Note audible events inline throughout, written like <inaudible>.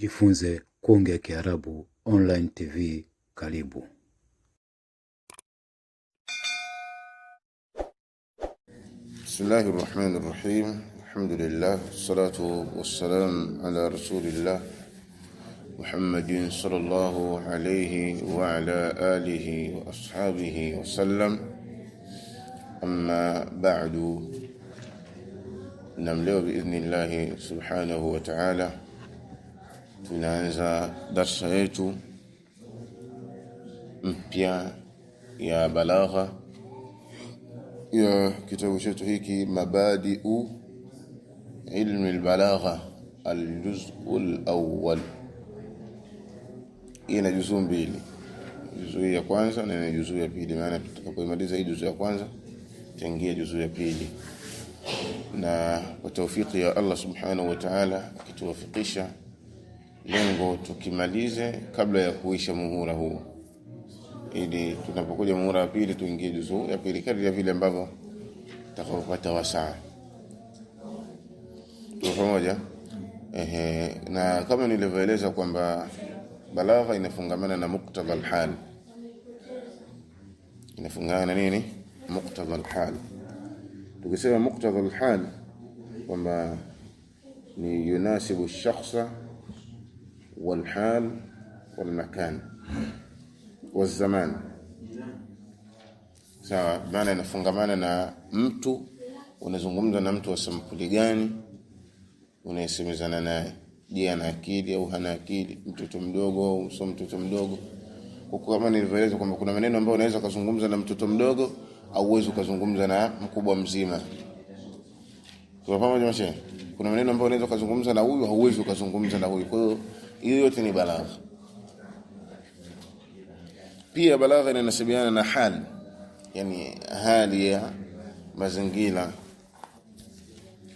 Jifunze kuongea Kiarabu online TV karibu. Bismillahir Rahmanir rahim, alhamdulillah لله wassalam ala rasulillah Muhammadin sallallahu alayhi wa ala alihi wa ashabihi wasallam. Amma ba'du, nam leo biidhnillahi subhanahu wa ta'ala Tunaanza darsa yetu mpya ya balagha ya kitabu chetu hiki Mabadiu Ilmi Albalagha, aljuz'u lawal Hii na juzuu mbili, juzuu ya kwanza na ina juzuu ya pili. Maana tutakapoimaliza hii juzuu ya kwanza, tangia juzuu ya pili, na kwa taufiki ya Allah subhanahu wa ta'ala akituwafikisha lengo tukimalize kabla ya kuisha muhula huu, ili tunapokuja muhula wa pili tuingie juzu ya pili kadri ya vile ambavyo tutakavyopata wasaa. Tuko pamoja? Ehe, na kama nilivyoeleza kwamba balagha inafungamana na muktadha alhal, inafungamana na nini? Muktadha alhal. Tukisema muktadha alhal kwamba ni yunasibu shakhsa والحال والمكان والزمان Sawa, maana inafungamana na mtu, unazungumza na mtu wa sampuli gani, unayesemezana naye. Je, ana akili au hana akili? Mtoto mdogo au sio mtoto mdogo? Kwa kama nilivyoeleza kwamba kuna maneno ambayo unaweza kuzungumza na mtoto mdogo au uwezi ukazungumza na mkubwa mzima. Kwa pamoja, kuna maneno ambayo unaweza kuzungumza na huyu, hauwezi ukazungumza na huyu. Kwa hiyo hiyo yote ni balagha. Pia balagha inanasibiana na hali, yani hali ya mazingira.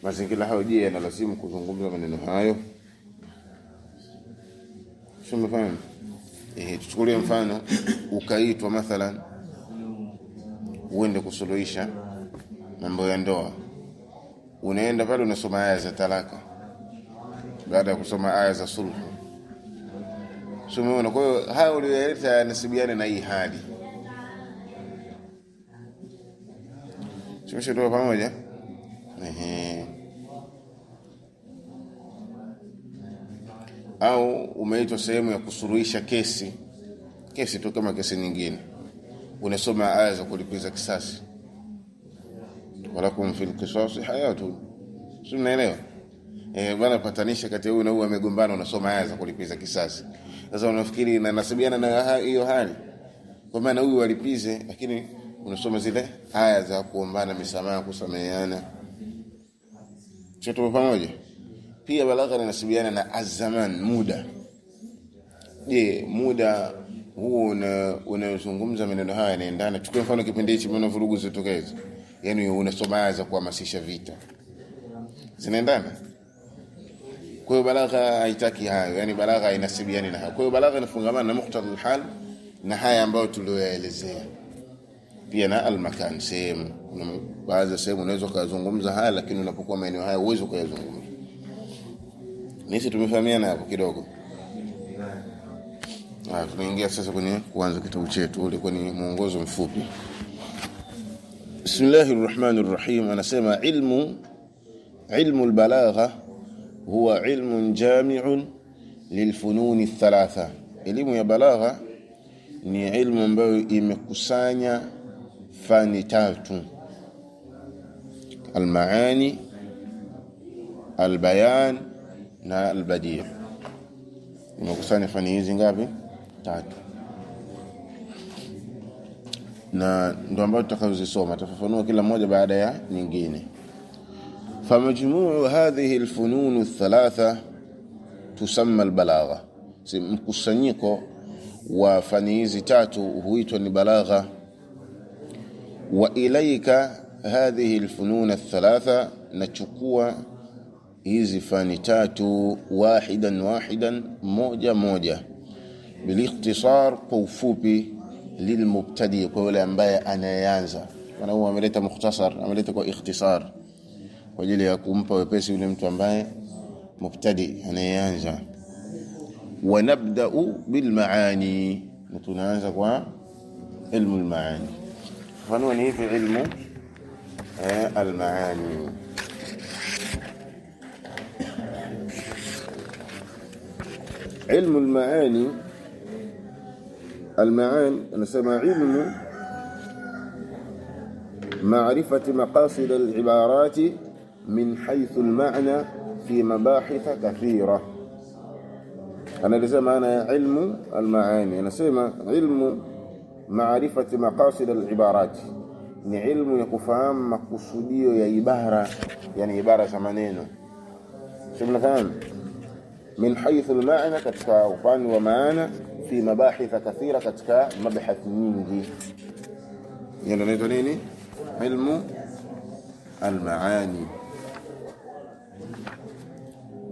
Mazingira hayo, je, yanalazimu kuzungumza maneno hayo? Umefahamu? Eh, tuchukulie mfano ukaitwa mathalan uende kusuluhisha mambo ya ndoa, unaenda pale unasoma aya za talaka, baada ya kusoma aya za sulhu Sumeona. kwa hiyo haya uliyoleta yanasibiane na hii hali, tumeshatoka pamoja. Ehe, au umeitwa sehemu ya kusuluhisha kesi, kesi tu kama kesi nyingine, unasoma aya za kulipiza kisasi, walakum fil kisasi hayatu, si mnaelewa? Eh, bwana, patanisha kati ya huyu na huyu, amegombana, unasoma aya za kulipiza kisasi. Sasa unafikiri nasibiana na hiyo hali, kwa maana huyu alipize, lakini unasoma zile aya za kuombana misamaha, kusameheana. Sio pamoja? Pia balagha inasibiana na azaman, muda. Je, muda huu unayozungumza maneno haya yanaendana? Chukua mfano kipindi hichi, maana vurugu zitokeze, yani unasoma aya za kuhamasisha vita, zinaendana kwa hiyo balagha haitaki hayo, yani balagha inasibiani na hayo. Kwa hiyo balagha inafungamana na muktadha alhal na haya ambayo tulioyaelezea, pia na almakan, sehemu. Kuna baadhi ya sehemu unaweza kuzungumza haya, lakini unapokuwa maeneo haya uwezo kuyazungumza. Nisi tumefahamiana hapo kidogo. Ah, tunaingia sasa kwenye kuanza kitabu chetu, ulikuwa ni mwongozo mfupi. Bismillahir Rahmanir Rahim, anasema ilmu ilmu albalagha huwa ilmun jami'un lilfununi thalatha. Elimu ya balagha ni ilmu ambayo imekusanya fani tatu: almaani, albayan na albadia. Imekusanya fani hizi ngapi? Tatu, na ndo ambayo tutakazozisoma. Tafafanua kila moja baada ya nyingine famajmuu hadhihi alfununu thalatha tusamma albalagha, si mkusanyiko wa fani hizi tatu huitwa ni balagha. Wa ilaika hadhihi alfununa thalatha, nachukua hizi fani tatu wahidan wahidan, moja moja, bilikhtisar, kwa ufupi, lilmubtadi, kwa yule ambaye anayeanza. Maana huwa kwa ajili ya kumpa wepesi yule mtu ambaye mubtadi anayeanza. Wa nabda'u bil maani, na tunaanza kwa ilmu al maani. Mfano ni hivi ilmu al maani علم المعاني المعاني نسمى علم معرفة مقاصد العبارات من حيث المعنى في مباحث كثيرة أنا لزم أنا علم المعاني أنا سيما علم معرفة مقاصد العبارات نعلم يعني يقفام مقصودية يبهرة يعني عبارة سمانين شبنا ثان من حيث المعنى كتكا وفان ومعنى في مباحث كثيرة كتكا مبحث نينجي يعني نيتونيني علم المعاني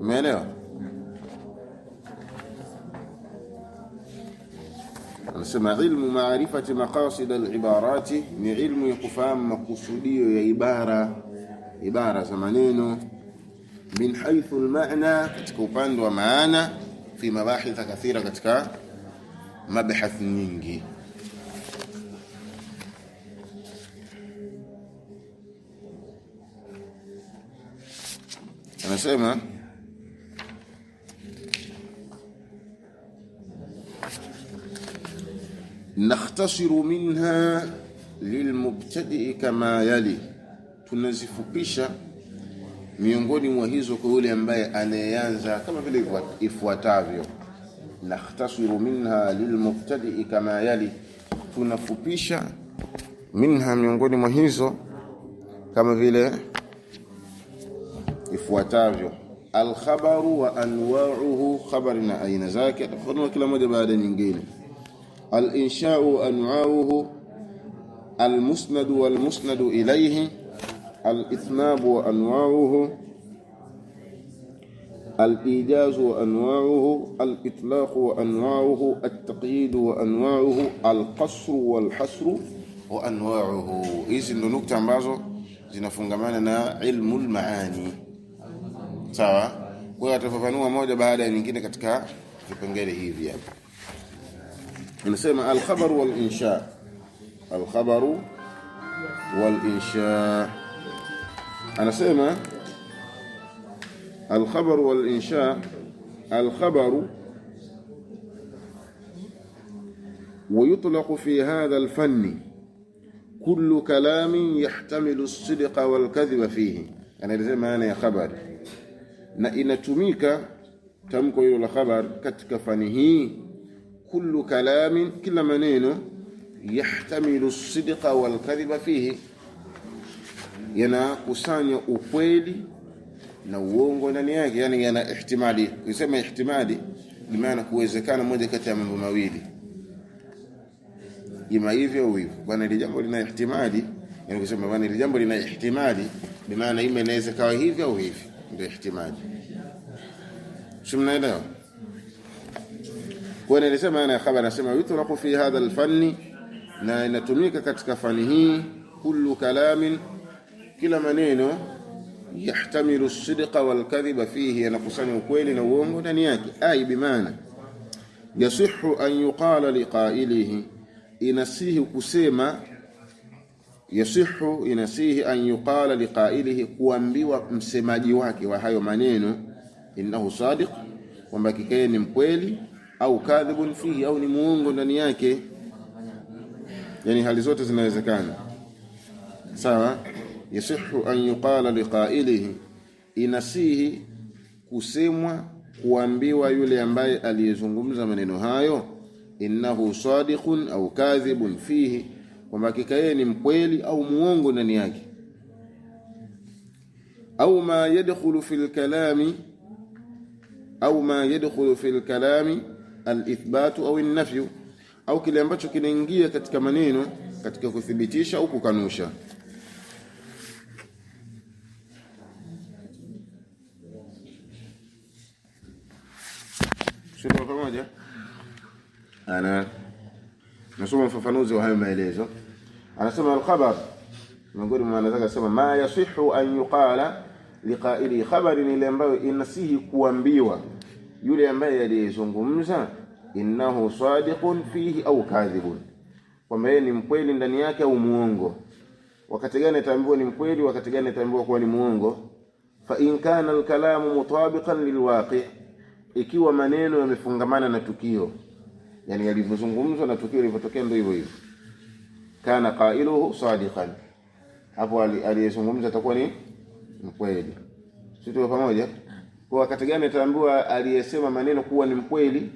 umeelewa? Anasema ilmu maarifati maqasid alibarati, ni ilmu ya kufahamu makusudio ya ibara, ibara za maneno. Min haithu almaana, katika upande wa maana. Fi mabahitha kathira, katika mabhath nyingi. Anasema nakhtasiru minha lilmubtadii kama yali, tunazifupisha miongoni mwa hizo kwa yule ambaye anayeanza kama vile ifuatavyo: nakhtasiru minha lilmubtadii kama yali, tunafupisha minha, miongoni mwa hizo kama vile ifuatavyo: alkhabaru wa anwauhu, khabari na aina zake, afafanua kila moja baada nyingine al-insha'u anwa'uhu al-musnadu wal-musnadu ilayhi al-ithnabu anwa'uhu الإيجاز وأنواعه الإطلاق وأنواعه التقييد وأنواعه القصر والحصر وأنواعه hizi ndo nukta ambazo zinafungamana na ilmu lmaani sawa kwa atafafanua moja baada ya nyingine katika vipengele hivi hapa نسمى الخبر والإنشاء الخبر والإنشاء أنا سمع الخبر والإنشاء الخبر ويطلق في هذا الفن كل كلام يحتمل الصدق والكذب فيه أنا لزيما أنا يا خبر نا إن تميك تمكو يولا خبر كتك فنهي kullu kalamin, kila maneno yahtamilu sidqa wal kadhiba fihi, yanakusanya ukweli na uongo ndani yake, yani yana ihtimali. Kusema ihtimali bimaana kuwezekana moja kati ya mambo mawili, ima hivyo au hivyo. Bwana, ile jambo lina ihtimali, yani kusema bwana, ile jambo lina ihtimali bimaana ima inaweza kawa hivyo au hivyo, ndio ihtimali. Simnaelewa? Kwa hiyo ana ya khabari, anasema yutraqu fi hadha alfanni, na inatumika katika fani hii, kullu kalamin, kila maneno yahtamilu as-sidqa wal kadhiba fihi, yanakusanya ukweli na uongo ndani yake. Ai bimaana yasihu an yuqala liqailihi, inasihi kusema yasihu inasihi an yuqala liqailihi, kuambiwa msemaji wake wa hayo maneno, innahu sadiq, kwamba kikae ni mkweli au kadhibun fihi, au ni muongo ndani yake. Yani hali zote zinawezekana. Sawa, yasihu an yuqala liqailihi, inasihi kusemwa kuambiwa yule ambaye aliyezungumza maneno hayo, innahu sadiqun au kadhibun fihi, kwamba hakika yeye ni mkweli au muongo ndani yake. Au ma yadkhulu fil kalami, au ma yadkhulu fil kalami alithbatu au nafyu, au kile ambacho kinaingia katika maneno katika kuthibitisha au kukanusha. Sura pamoja ana nasoma mfafanuzi wa hayo maelezo, anasema alkhabar, miongoni mwa maana zake ma yasihu an yuqala liqaili, khabari ni ile ambayo inasihi kuambiwa yule ambaye aliyezungumza innahu sadiqun fihi au kadhibun, kwamba yeye ni mkweli ndani yake au muongo. Wakati gani ataambiwa ni mkweli, wakati gani ataambiwa kuwa ni muongo? Fa in kana alkalamu mutabiqan lilwaqi, ikiwa maneno yamefungamana na tukio, yani yalivyozungumzwa na tukio lilivyotokea, ndio hivyo hivyo. Kana qailuhu sadiqan, hapo aliyezungumza atakuwa ni mkweli. Sisi tuko pamoja. Kwa wakati gani atambua aliyesema maneno kuwa ni mkweli?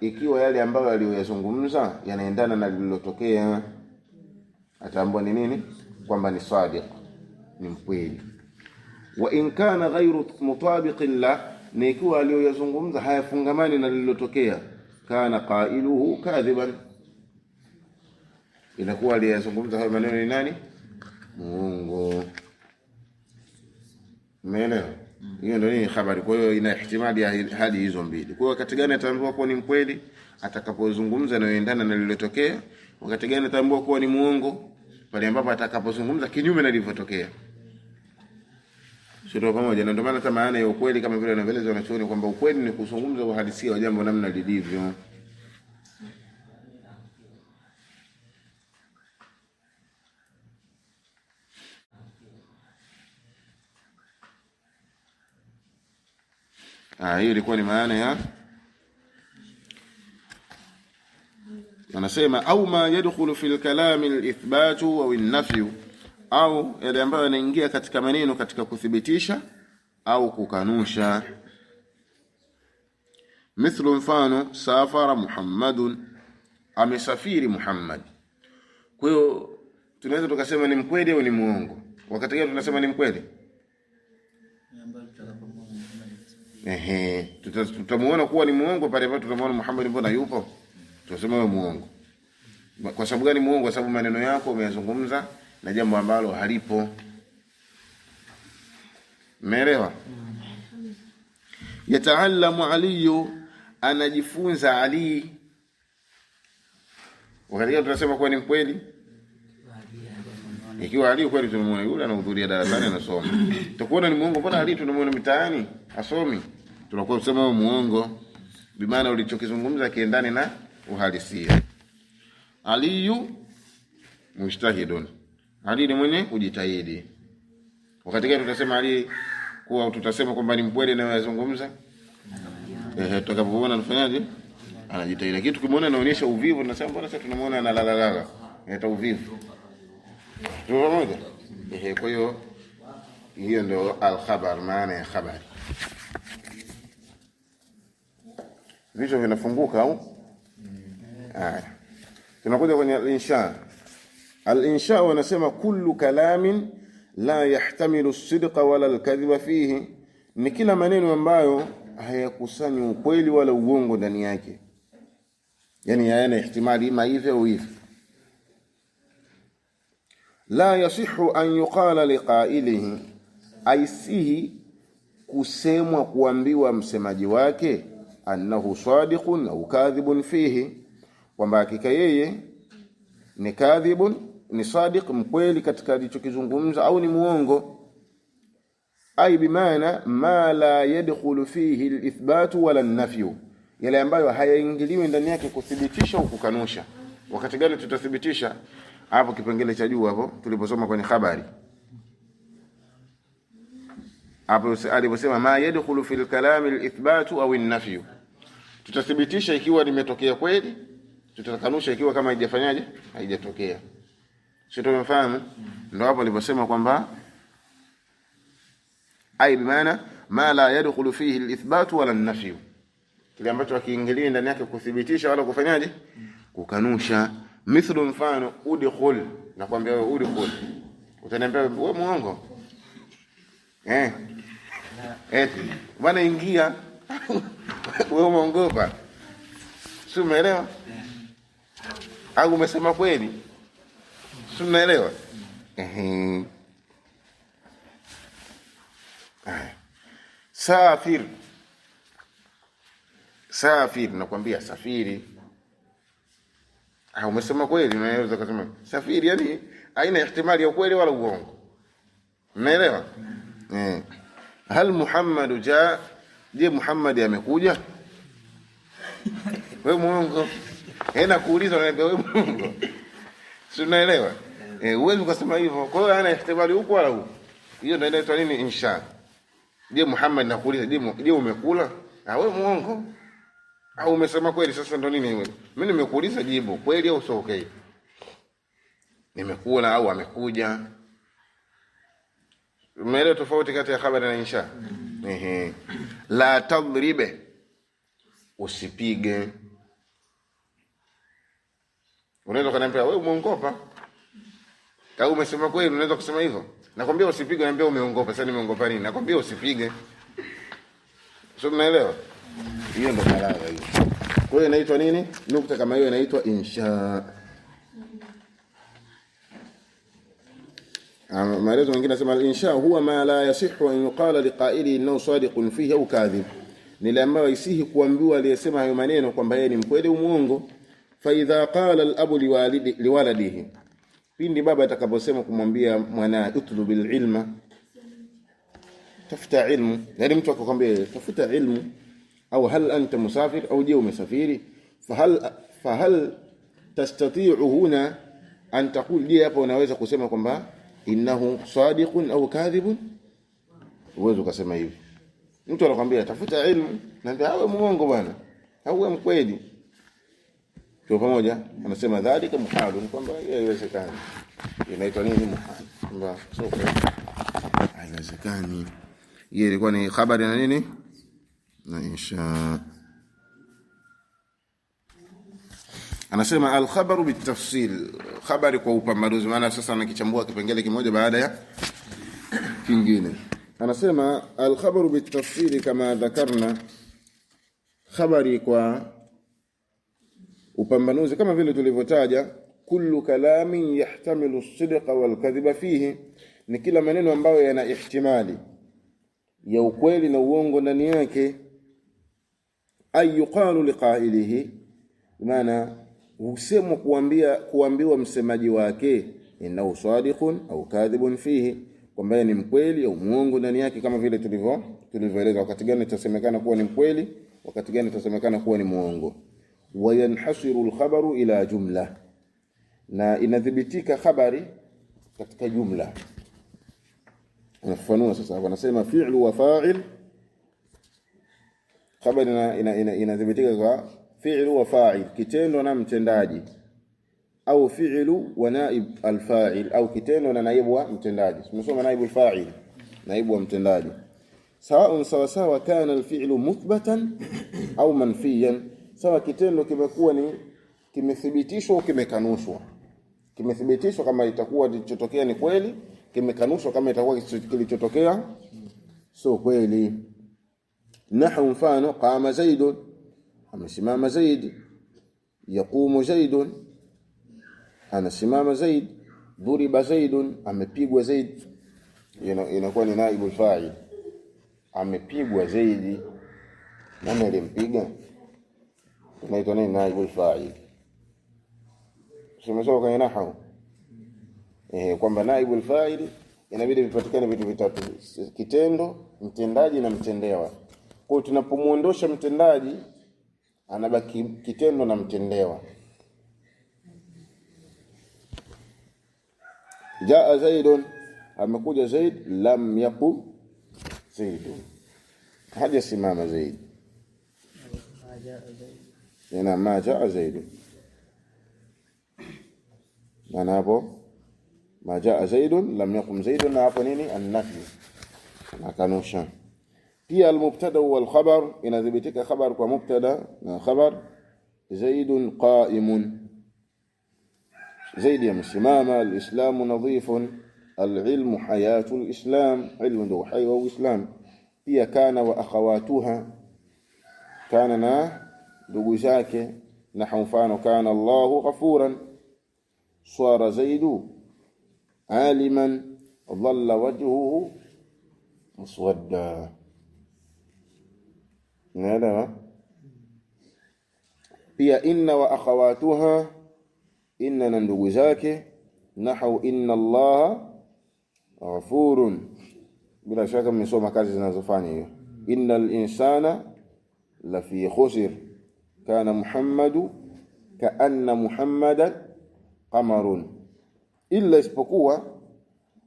Ikiwa yale ambayo aliyoyazungumza yanaendana na lililotokea, atambua ni nini kwamba ni sadiq, ni mkweli. Wa in kana ghairu mutabiqin la, na ikiwa aliyoyazungumza hayafungamani na lililotokea, kana qailuhu kadhiban, inakuwa aliyazungumza hayo maneno ni nani? Mungu. Umeelewa? Mm-hmm. hiyo ndio ni habari. Kwa hiyo ina ihtimali ya hadi hizo mbili. Kwa wakati gani atambua kuwa ni mkweli? Atakapozungumza yendana na lililotokea. Wakati gani atambua kuwa ni muongo? Pale ambapo atakapozungumza kinyume na lilivyotokea. Sio pamoja na ndio maana hata maana ya ukweli kama vile anavyoeleza wanachuoni kwamba ukweli ni kuzungumza uhalisia wa jambo namna lilivyo. Ah, hiyo ilikuwa ni maana ya anasema au ma yadkhulu fil kalami al-ithbatu au nafyu au yale ambayo yanaingia katika maneno katika kuthibitisha au kukanusha. Mithlu, mfano safara Muhammadun, amesafiri Muhammad. Kwa hiyo tunaweza tukasema ni mkweli au ni muongo. Wakati gani tunasema ni mkweli? Ehe, tutamuona kuwa ni muongo pale pale, tutamuona Muhammad, mbona yupo? Tutasema wewe muongo. Kwa sababu gani muongo? Kwa sababu maneno yako umeyazungumza na jambo ambalo halipo. Umeelewa? Yataalamu aliyu, anajifunza Ali. Wakati tunasema kuwa ni mkweli <clears throat> Ikiwa Ali kweli tunamuona yule anahudhuria darasani anasoma. <clears throat> Tukuona ni muongo, mbona Ali tunamuona mitaani asomi? Tunakuwa kusema wewe muongo. Bi maana ulichokizungumza kiendane na uhalisia. Aliyu mujtahidun. Ali ni mwenye kujitahidi. Wakati gani tutasema Ali kuwa tutasema kwamba ni mpwele na anazungumza? Eh, tutakapoona anafanyaje? Anajitahidi. Kitu kimeona inaonyesha uvivu tunasema mbona sasa tunamuona analala lala. Inaita uvivu. Tuko pamoja? Ehe, kwa hiyo hiyo ndio alkhabar, maana ya khabari. Vichwa vinafunguka au? Haya, tunakuja kwenye insha Al-insha wanasema kullu kalamin la yahtamilu sidqa wala alkadhiba fihi, ni kila maneno ambayo hayakusanyi ukweli wala uongo ndani yake, yani hayana ihtimali ima au hivyo la yasihu an yuqala liqailihi, aisihi kusemwa kuambiwa msemaji wake annahu sadiqun au kadhibun fihi, kwamba hakika yeye ni kadhibun, ni sadiq, mkweli katika alichokizungumza au ni muongo. Ai bimaana ma la yadkhulu fihi lithbatu wala nafyu, yale ambayo hayaingiliwi ndani yake kuthibitisha au kukanusha. Wakati gani tutathibitisha? hapo kipengele cha juu hapo tuliposoma kwenye habari hapo aliposema ma yadkhulu fil kalam al alithbatu au an nafy tutathibitisha ikiwa limetokea kweli, tutakanusha ikiwa kama haijafanyaje haijatokea. Sio tumefahamu? Ndio hapo aliposema kwamba ai bi maana ma la yadkhulu fihi al alithbatu wala an nafy kile ambacho akiingilia ndani yake kuthibitisha wala kufanyaje kukanusha Mithlu, mfano udkhul, nakwambia wewe udkhul, utaniambia wewe mwongo eh? eh bwana ingia <laughs> wewe umeongopa, si umeelewa? Au umesema kweli, si unaelewa? Eh, safir, safir, nakwambia safiri Ah, umesema kweli, unaweza kusema safiri, yani aina ya ihtimali ya kweli wala uongo. Unaelewa? Eh. Hal Muhammadu ja, Je, Muhammad amekuja? Wewe muongo. Hena kuuliza na wewe muongo. Si unaelewa? Eh, uwezi ukasema hivyo. Kwa hiyo ana ihtimali huko wala huko. Hiyo ndio inaitwa nini insha? Je, Muhammad nakuuliza, je, je umekula? Ah, wewe muongo au umesema kweli? Sasa ndo nini wewe? Mimi nimekuuliza jibu, kweli au sio? Okay, nimekula au amekuja? Umeelewa tofauti kati ya habari na insha? Mm-hmm. Ehe, la tadribe, usipige. Unaweza kaniambia wewe umeongopa au umesema kweli? Unaweza kusema hivyo. Nakwambia usipige, naambia umeongopa. Sasa nimeongopa nini? Nakwambia usipige, sio? Mnaelewa? Hiyo ndo balagha hiyo. Kwa hiyo inaitwa nini? Nukta kama hiyo inaitwa insha. Ah, maelezo mengine nasema insha huwa ma la yasihu an yuqala liqaili innahu sadiqun fihi au kadhib, ni la ambayo isihi kuambiwa aliyesema hayo maneno kwamba yeye ni mkweli au muongo. Fa idha qala al abu liwaladihi, pindi baba atakaposema kumwambia mwanae utlubil ilma, tafuta ilmu, yani mtu akakwambia tafuta ilmu au hal anta musafir, au je umesafiri? Fahal, fahal tastatiu huna an taqul, je hapa unaweza kusema kwamba innahu sadiqun au kadhibun? uwezo ukasema hivi. Mtu anakwambia tafuta ilmu, naambia awe mwongo bwana, awe mkweli. Kwa pamoja anasema dhalika muhalu, kwamba haiwezekani. Inaitwa nini muhalu? Kwamba sio haiwezekani. Yeye ilikuwa ni habari na nini? na insha. Anasema alkhabaru bitafsil, khabari kwa upambanuzi. Maana sasa anakichambua kipengele kimoja baada ya kingine. Anasema alkhabaru bitafsili kama dhakarna, khabari kwa upambanuzi kama vile tulivyotaja, kullu kalamin yahtamilu sidqa walkadhiba fihi, ni kila maneno ambayo yana ihtimali ya ukweli na uongo ndani yake ayuqalu yuqalu liqailihi, maana husemwa kuambia kuambiwa msemaji wake innahu sadiqun au kadhibun fihi, kwamba ni mkweli au muongo ndani yake, kama vile tulivyo tulivyoeleza wakati gani itasemekana kuwa ni mkweli, wakati gani itasemekana kuwa ni muongo. Wayanhasiru alkhabaru ila jumla, na inadhibitika habari katika jumla. Anafafanua sasa, wanasema fi'lu wa fa'il khabari inathibitika kwa fi'lu wa fa'il, kitendo na mtendaji, au fi'lu wa naib al-fa'il au kitendo na naibu wa mtendaji. Tumesoma naibu al-fa'il naibu wa mtendaji. Sawa sawa sawa, kana al-fi'lu muthbatan au manfiyan, sawa kitendo kimekuwa ni kimethibitishwa au kimekanushwa. Kimethibitishwa kama itakuwa kilichotokea ni kweli, kimekanushwa kama itakuwa kilichotokea sio kweli. Nahu, mfano qama zaidun, amesimama Zaid. Yaqumu zaidun, anasimama Zaid. Dhuriba zaidun, amepigwa Zaid. Inakuwa ni naibu alfa'il, amepigwa Zaidi. Nani alimpiga? Inaitwa nini? Naibu alfa'il. Simesoma kwenye nahu eh, kwamba naibu alfa'il inabidi vipatikane vitu vitatu: kitendo, mtendaji na mtendewa. Kwa hiyo tunapomuondosha mtendaji, anabaki kitendo na mtendewa. Jaa Zaidun, amekuja Zaid. Lam yakum Zaidun, hajasimama Zaid. Na ma jaa Zaidun, maana hapo ma jaa Zaidun lam yakum Zaidun, na hapo nini? Annafi, na هي المبتدا والخبر inathibitika khabar kwa mubtada na khabar zaidun qaimun zaidi yamesimama alislamu nadhifun alilmu hayatu lislam ilmu ndo uhai wa uislam pia kana wa akhawatuha kana na ndugu zake na mfano kana allahu ghafuran swara zaidu aliman dhalla wajhuhu muswadda Unaelewa? Pia inna wa akhawatuha, inna na ndugu zake, nahau inna Allaha ghafurun. Bila shaka mmesoma kazi zinazofanya hiyo. Innal insana lafi khusr, kana Muhammadu kaanna Muhammadan qamarun, illa isipokuwa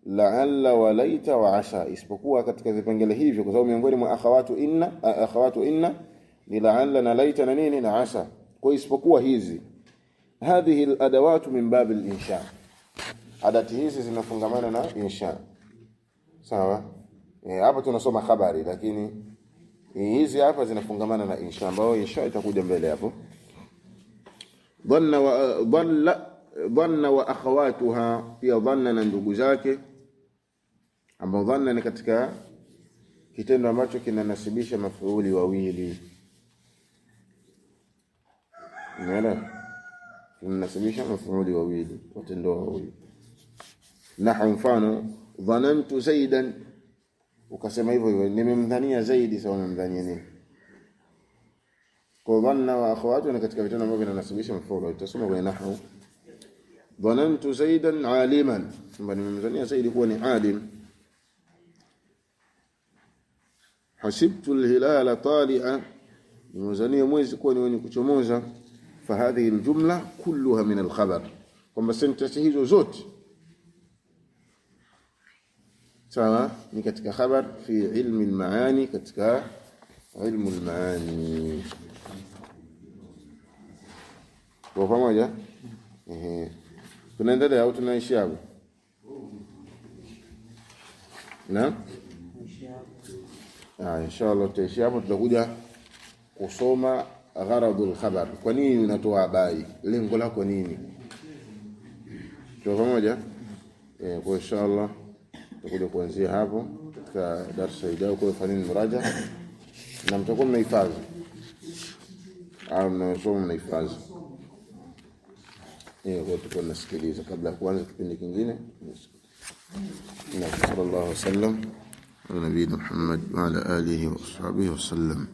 laalla walaita wa asha, isipokuwa katika vipengele hivyo, kwa sababu miongoni mwa akhawatu inna, akhawatu inna ni laalla na laita na nini na asha. Kwa isipokuwa hizi hadhihi aladawatu min babi linsha, adati hizi zinafungamana na insha. Sawa, e, hapa tunasoma habari, lakini hizi hapa zinafungamana na insha, ambayo insha itakuja mbele hapo. Dhanna wa, dhanna wa akhawatuha, pia dhanna na ndugu zake ambao dhanna ni katika kitendo ambacho kinanasibisha mafuuli wawili, kinanasibisha mafuuli wawili, watendo wawili. Nahu, mfano dhanantu zaidan, ukasema hivyo hivyo, nimemdhania Zaidi. Sawa, namdhania nini? Kwa dhanna wa akhwatu ni katika vitendo ambavyo vinanasibisha mafuuli. Utasoma kwenye nahu dhanantu zaidan aliman, kwamba nimemdhania Zaidi kuwa ni alim hasibtu alhilala tali'a, nimezania mwezi kuwa ni wenye kuchomoza. Fahadhihi aljumla kulluha min alkhabar, kwamba sentensi hizo zote sawa ni katika khabar fi ilmi almaani, katika ilmu almaani kwa pamoja. Ehe, tunaendelea au tunaishia hapo? Naam. Na inshallah tutaishi hapo, tutakuja kusoma gharadul khabar. Kwa nini unatoa habari? Lengo lako nini? Tuko pamoja? Eh, kwa inshallah tutakuja kuanzia hapo katika darasa ijayo kwa fanini muraja, na mtakuwa mnahifadhi au ah, mnasoma mnahifadhi. Eh, kwa tuko nasikiliza kabla ya kuanza kipindi kingine. Na sallallahu alaihi wasallam على نبينا محمد وعلى آله وأصحابه وسلم